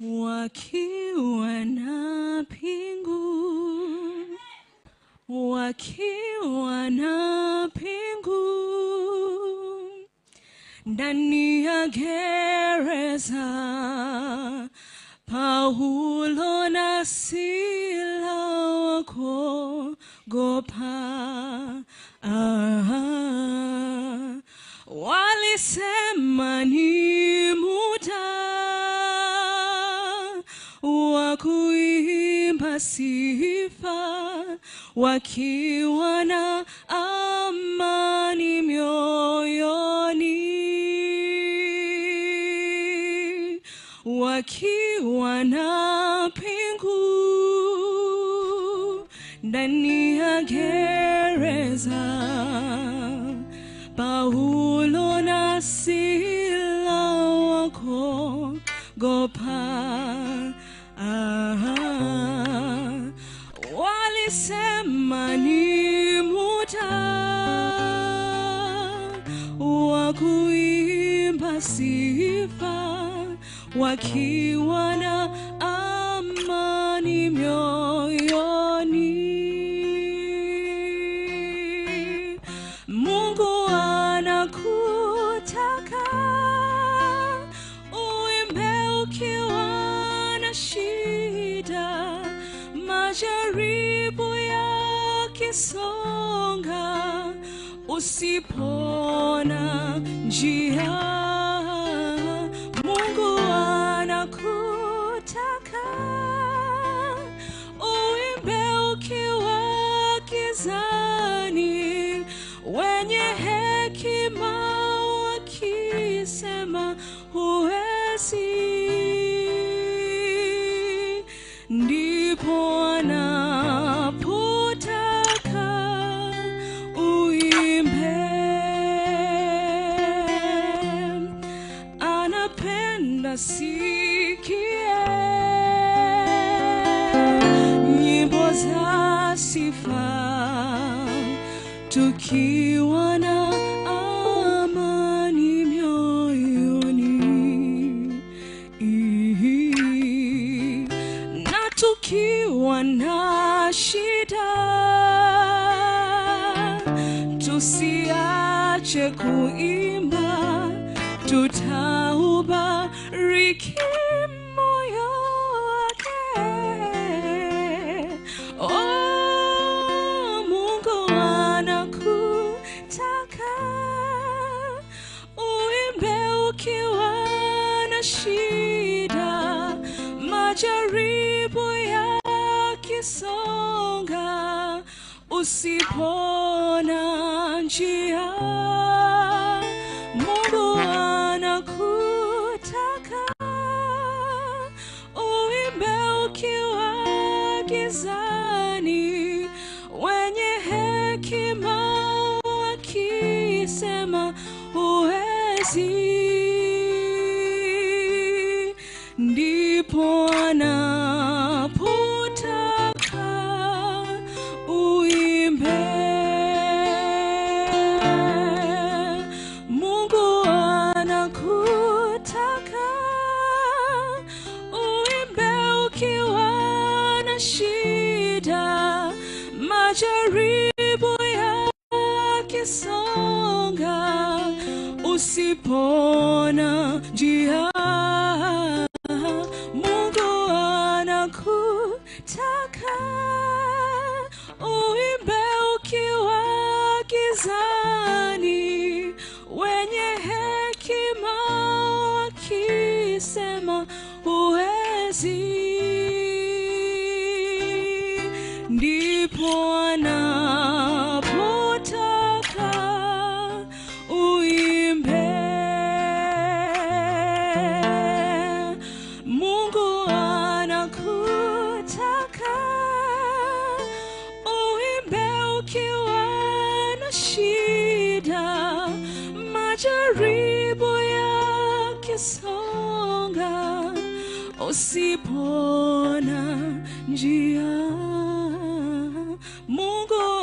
wakiwa na pingu, wakiwa na pingu ndani ya gereza, Paulo na Sila ah, ah, walisema sifa, wakiwa na amani mioyoni, wakiwa na pingu ndani ya gereza, Paulo na sifa sifa wakiwa na amani mioyoni. Mungu anakutaka uimbe ukiwa na shida, majaribu ya kisonga usipona njia gizani wenye hekima wakisema huwezi tukiwa na amani mioyoni na tukiwa na shida tusiache kuimba tutaubariki majaribu kisonga usipona njia, Mungu anakutaka uimbe ukiwa gizani, wenye hekima wakisema uwezi ndio shida, majaribu yakisonga, usipo usipona njia Mungu